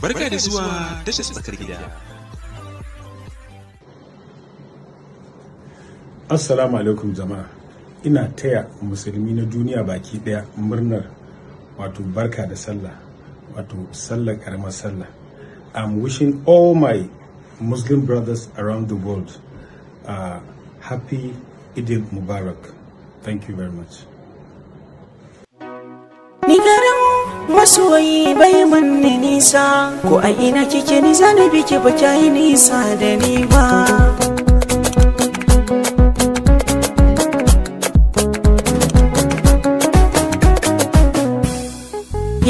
Barka da zuwa tashar tsakar gida. Assalamu alaikum jama'a. Ina taya musulmi na duniya baki daya murnar wato barka da sallah wato sallah karamar sallah. I'm wishing all my Muslim brothers around the world uh, happy Eid Mubarak. Thank you very much. masoyi bai manne nisa ko a ina kike ni zanabi ki ba kyayi nisa da ni ba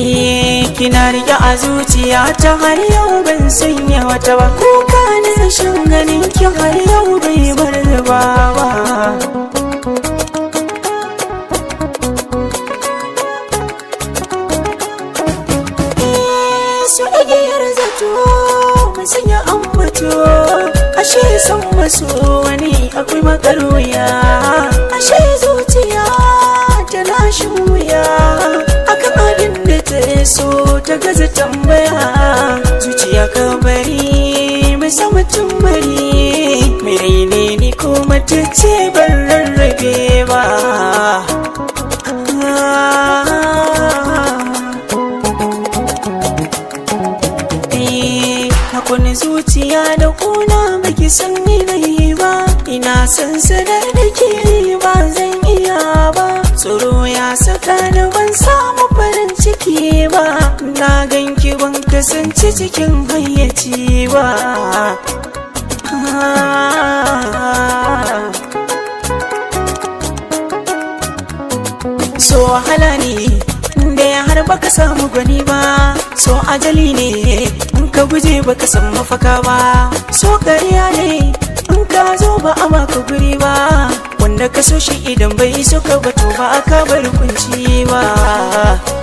eh, kina rike a zuciya ta har yau ban sanya wata ba kuka ne shan ganin ki har yau bai bar ba sanya an mutu ashe san masu wani akwai makaruya ashe zuciya ta lashin wuya aka abin da ta so ta gaza tambaya zuciya ka bari mai sama bari mai ne ni kuma ta ce ban rarrabe ba hakun zuciya da kuna baki san ni nayi ba ina san sanar da ke ba zan iya ba tsoro ya saka ni ban samu farin ciki ba na ganki ban kasance cikin hayyaci ba so wahala ne da har baka samu gwani ba so ajali ne ka guje baka san mafaka ba so kariya ne in ka zo ba a maka guri ba wanda ka so shi idan bai so ka ba to ba ka bar kunci ba